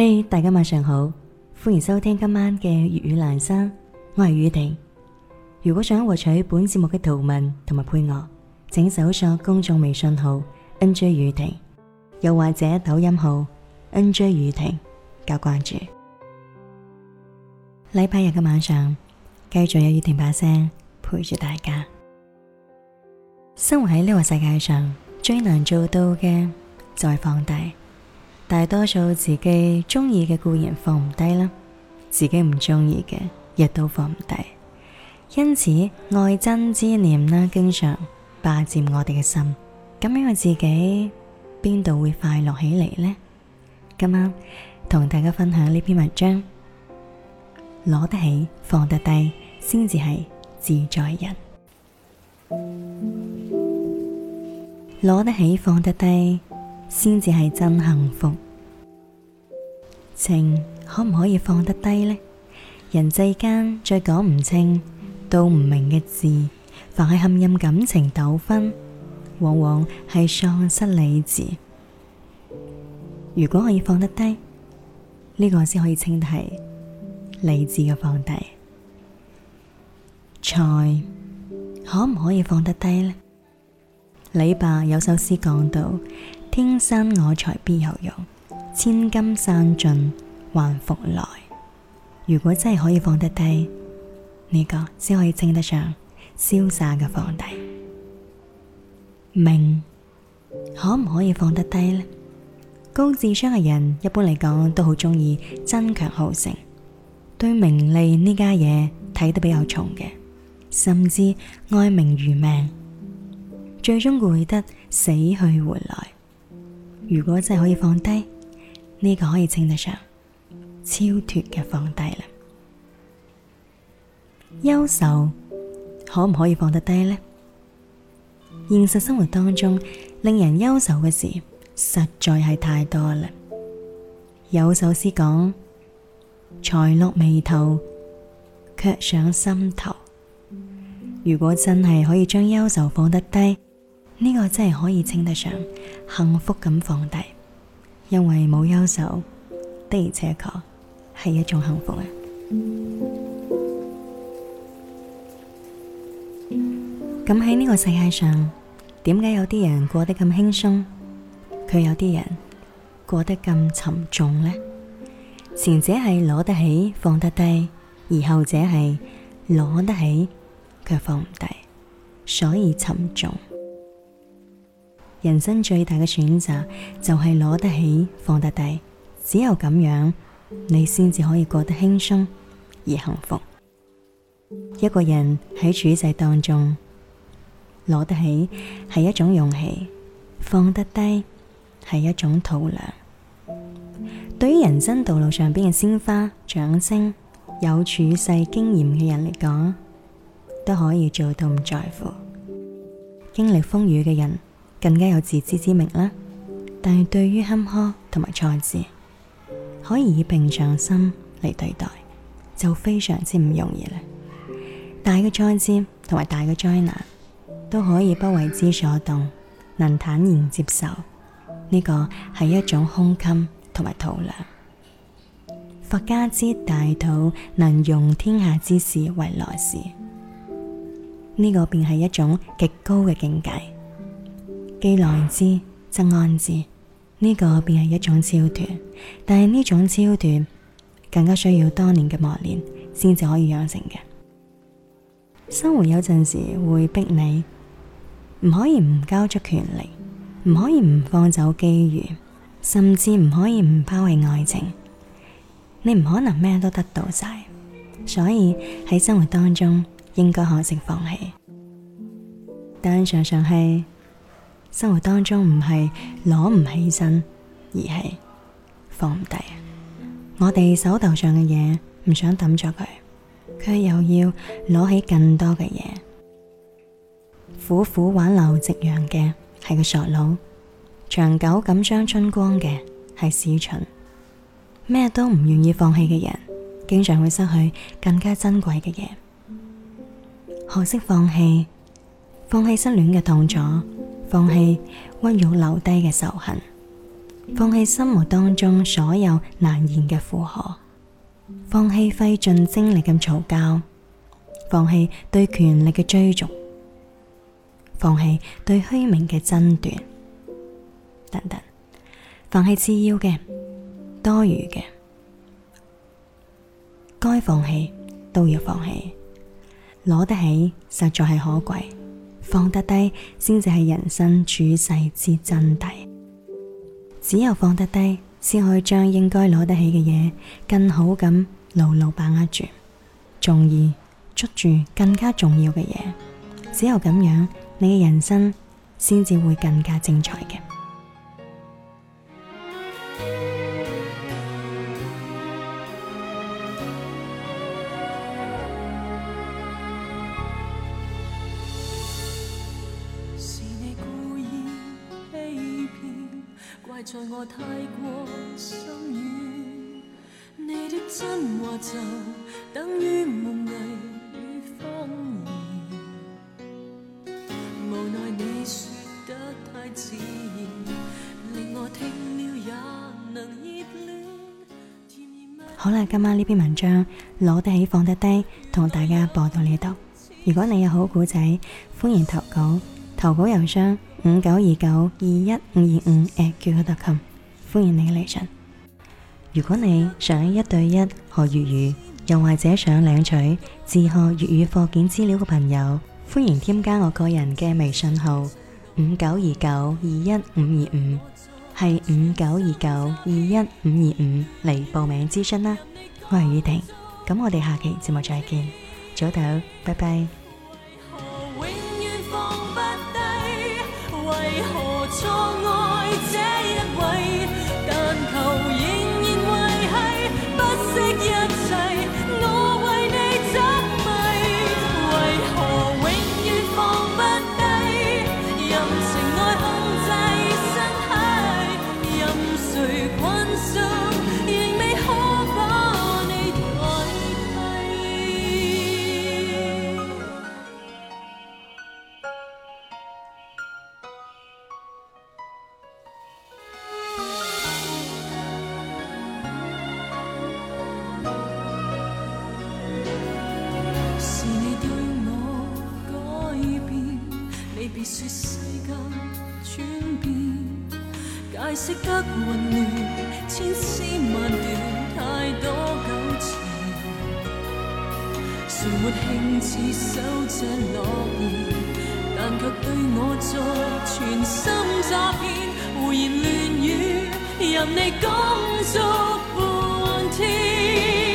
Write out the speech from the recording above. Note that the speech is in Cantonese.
嘿，大家晚上好，歡迎收聽今晚嘅粵語欄目，我係宇婷。如果想獲取本節目嘅圖文同埋配樂，請搜索公眾微信號 NJ 宇婷，又或者抖音號 NJ 宇婷，加關注。禮拜日嘅晚上，繼續有宇婷把聲陪住大家。生活喺呢個世界上，最難做到嘅就係放低。大多數自己中意嘅固然放唔低啦，自己唔中意嘅亦都放唔低，因此愛憎之念啦，經常霸佔我哋嘅心，咁因為自己邊度會快樂起嚟呢？今晚同大家分享呢篇文章，攞得起放得低，先至係自在人，攞得起放得低，先至係真幸福。情可唔可以放得低呢？人世間最講唔清、道唔明嘅字，凡係陷入感情糾紛，往往係喪失理智。如果可以放得低，呢個先可以稱得係理智嘅放低。財可唔可以放得低呢？李白有首詩講到：天生我材必有用。千金散盡還復來。如果真係可以放得低，呢個先可以稱得上瀟灑嘅放低。命可唔可以放得低呢？高智商嘅人一般嚟講都好中意爭強好勝，對名利呢家嘢睇得比較重嘅，甚至愛名如命，最終攰得死去活來。如果真係可以放低。呢個可以稱得上超脱嘅放低啦。憂愁可唔可以放得低呢？現實生活當中，令人憂愁嘅事實在係太多啦。有首詩講：才落眉頭，卻上心頭。如果真係可以將憂愁放得低，呢個真係可以稱得上幸福咁放低。因為冇憂愁，的而且確係一種幸福啊！咁喺呢個世界上，點解有啲人過得咁輕鬆，佢有啲人過得咁沉重呢？前者係攞得起放得低，而後者係攞得起卻放唔低，所以沉重。人生最大嘅選擇就係攞得起放得低，只有咁樣你先至可以過得輕鬆而幸福。一個人喺處世當中，攞得起係一種勇氣，放得低係一種肚量。對於人生道路上邊嘅鮮花、掌聲，有處世經驗嘅人嚟講，都可以做到唔在乎。經歷風雨嘅人，更加有自知之明啦，但係對於坎坷同埋挫折，可以以平常心嚟對待，就非常之唔容易啦。大嘅挫折同埋大嘅災難，都可以不為之所動，能坦然接受，呢個係一種胸襟同埋肚量。佛家之大肚，能容天下之事為樂事，呢個便係一種極高嘅境界。既來之則安之，呢個便係一種超脱。但係呢種超脱，更加需要多年嘅磨練先至可以養成嘅。生活有陣時會逼你，唔可以唔交出權力，唔可以唔放走機遇，甚至唔可以唔拋棄愛情。你唔可能咩都得到晒，所以喺生活當中應該學識放棄。但常常係。生活當中唔係攞唔起身，而係放唔低。我哋手頭上嘅嘢唔想抌咗佢，佢又要攞起更多嘅嘢，苦苦挽留夕陽嘅係個傻佬，長久感傷春光嘅係市巡，咩都唔願意放棄嘅人，經常會失去更加珍貴嘅嘢。學識放棄，放棄失戀嘅痛楚。放棄屈辱留低嘅仇恨，放棄心目當中所有難言嘅負荷，放棄費盡精力嘅嘈交，放棄對權力嘅追逐，放棄對虛名嘅爭奪等等，放棄次要嘅、多餘嘅，該放棄都要放棄，攞得起實在係可貴。放得低，先至係人生處世之真諦。只有放得低，先可以將應該攞得起嘅嘢更好咁牢牢把握住，從而捉住更加重要嘅嘢。只有咁樣，你嘅人生先至會更加精彩嘅。怪在我太過心軟，你的真話就等於夢囈與謊言，無奈你說得太自然，令我聽了也能熱戀。好啦，今晚呢篇文章攞得起放得低，同大家播到呢度。如果你有好古仔，歡迎投稿，投稿郵箱。五九二九二一五二五，at 叫佢特琴，歡迎你嚟進。如果你想一對一學粵語，又或者想領取自學粵語課件資料嘅朋友，歡迎添加我個人嘅微信號五九二九二一五二五，係五九二九二一五二五嚟報名諮詢啦。我係宇婷，咁我哋下期節目再見，早唞，拜拜。錯愛。值得玩味，千絲萬段，太多糾纏。誰沒興致守這諾言，但卻對我再全心詐騙，胡言亂語，任你講足半天。